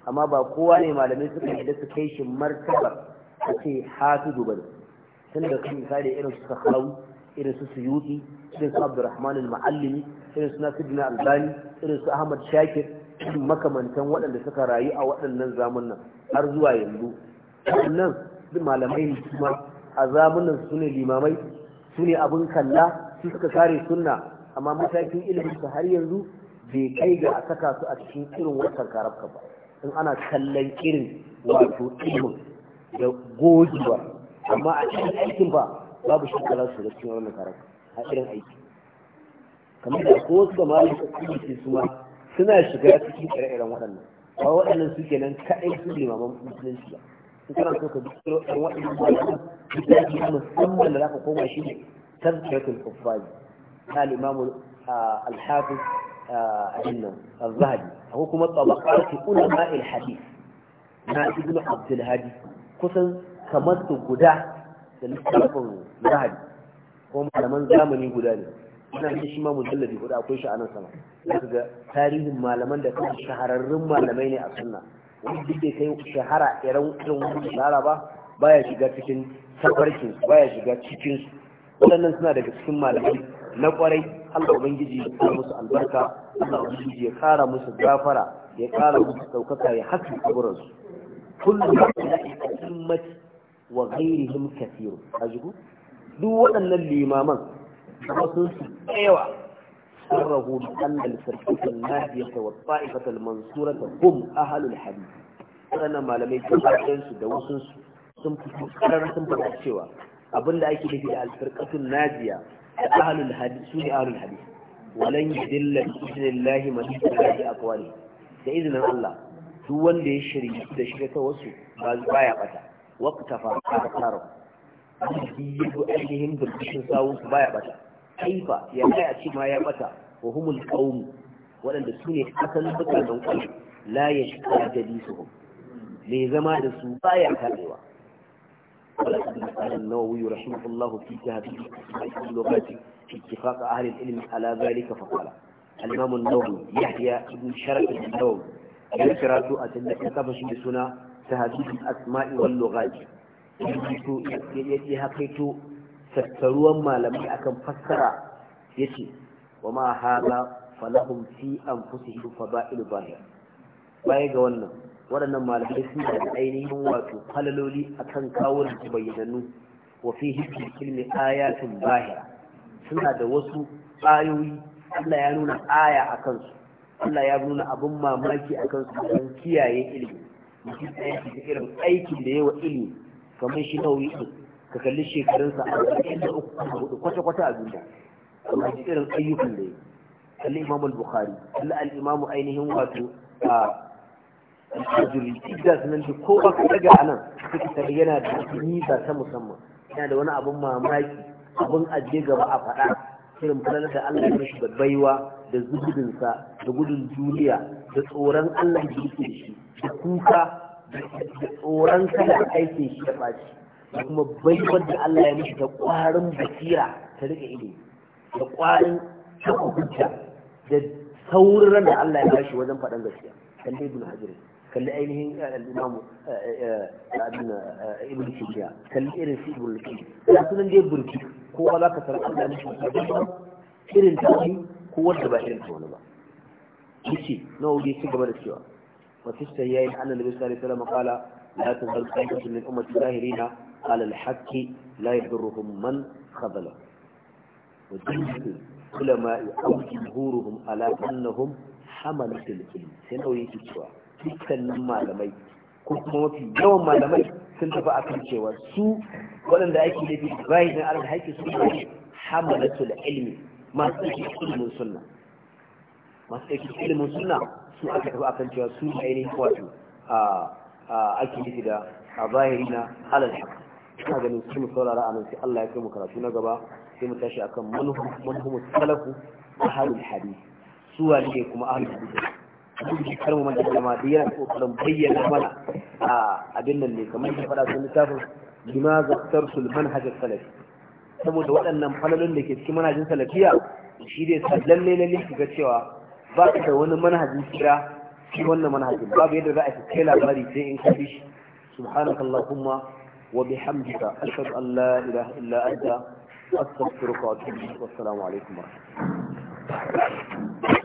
S1: amma ba kowa ne malamai suka yi da su kai shi martaba a ce hafizu bane tun da kan misali irin su sahlawi irin su suyuti irin su abdurrahman al-ma'allimi irin su nasiruddin albani irin su ahmad shakir irin makamantan waɗanda suka rayu a waɗannan zamunan har zuwa yanzu wannan duk malamai ne kuma a zamunan su ne limamai su ne abin kalla su suka kare sunna amma matakin ilimin su har yanzu bai kai ga a saka su a cikin irin wannan karabka ba in ana kallon irin wato ilimin da gogewa amma a cikin aikin ba babu shi kala su da cikin wannan karabka a irin aiki kamar da ko wasu da malam su su ma suna shiga cikin ire-iren waɗannan ba waɗannan su kenan kaɗai su limaman musulunci ba su kana so ka bi irin waɗannan waɗannan da musamman da za ka koma shi ne tazkiyatul kuffari na al-imam al-hafiz eh, annan al-zahabi ko kuma tabaqatu ulama al-hadith na ibnu abdul hadi kusan kamar su guda da littafin zahabi ko malaman zamani guda ne ina da shi ma mujallabi guda akwai shi a nan sama zaka ga tarihin malaman da kuma shahararrun malamai ne a sunna wanda duk kai shahara irin irin wannan ba baya shiga cikin tafarkin baya shiga cikinsu. waɗannan suna daga cikin malamai na kwarai Allah ubangiji ya kara musu albarka Allah ubangiji ya kara musu gafara ya kara musu ɗaukaka ya haske kaburin su kullum na ikimmat wa ghairihim kathiru ajibu duk waɗannan limaman kuma sun su tsayawa sarrahu bi anna al-firqata al-nahdiyata wa ta'ifata al-mansurata hum ahlul hadith waɗannan malamai sun su da wasu sun fito karar sun faɗa cewa Abin da ake nufi da alfirqatul najiya da ahlul hadith su ne ahlul hadith walan yadilla bi idnillahi man yadilla bi aqwali da izinin Allah duk wanda ya shirye da shiga ta wasu ba baya bata waqtafa aktharo yibu ainihin burbushin sawun su baya bata kaifa ya kai a ce ma ya bata wa humul qaum waɗanda su ne asalin bukatun kwallo la ya shi kawar da mai zama da su baya karewa ولقد قال النووي رحمه الله في جهته اللغات اتفاق أهل العلم على ذلك فقال الإمام النووي يحيى بن شرف النووي يذكر أتلك كفش بسنة تهذيب الأسماء واللغات يجيها كيتو tattaruwan malamai akan fassara ya ce wa ma haza falahum fi anfusihim fada'il zahir baya ga wannan waɗannan malamai sun da ainihin wato falaloli akan kawunan su bayyanannu wa fi hikmin ilmi ayatun bahira suna da wasu ayoyi Allah ya nuna aya a kansu Allah ya nuna abin mamaki a kansu don kiyaye ilimi mutum ɗaya da irin aikin da yawa ilimi kamar shi nau'i ɗin ka kalli shekarunsa a cikin da uku hudu kwata-kwata a duniya amma irin ayyukan da yi kalli Imamul bukhari kalli al'imamu imamu ainihin wato a ah, ajuri idas nan da ko ba ka daga anan suka yana da nisa ta musamman yana da wani abun mamaki abun ajiye gaba a faɗa irin falalar da Allah ya mishi da baiwa da zubudinsa da gudun duniya da tsoron Allah da yake shi da kuka da tsoron kada aikin shi da ɓaci da kuma baiwar da Allah ya mishi da ƙwarin basira ta rika ilimi da ƙwarin taɓa hujja da saurin da Allah ya bashi wajen faɗan gaskiya kan dai bin hajjiri كلايمه آه، الامام آه، آه، ابن ابن سيجا كل ايرن سي بول كي لكن دي بول كي هو لا كثر الا ايرن تاعي هو دبا ايرن تاعنا شي نو دي سي قبل الشيء وتستهي ان النبي صلى الله عليه وسلم قال لا تزال قائمه من الامه الظاهرين على الحق لا يضرهم من خذله وتنسي علماء او جمهورهم على انهم حملت الكلمه سنوي في الشوارع dukkanin malamai ko kuma mafi yawan malamai sun tafi a kan cewa su waɗanda ake nufi bayanin alal haƙƙi su ne hamalatul ilmi masu ɗauki ilimin sunna masu ɗauki ilimin sunna su aka tafi a kan cewa su ne ainihin wato ake nufi da a zahiri na alal haƙƙi ina ganin su mu saurara anan sai Allah ya kai mu karatu na gaba sai mu tashi akan manhum manhum salafu ahlul hadith su wani ne kuma ahlul hadith duk kar mu manta jama'a da yana kokarin bayyana mana a abin nan ne kamar da faɗa sun littafin bima zaktar sulman hajjar salafi saboda waɗannan falalun da ke cikin manhajin salafiya shi dai sa lalle lalle ki ga cewa ba ka da wani manhajin kira shi wannan manhajin babu yadda za a fi kai labari sai in kafi shi subhanakallahumma wa bihamdika ashhadu an la ilaha illa anta astaghfiruka wa atubu ilaik wassalamu alaikum wa rahmatullahi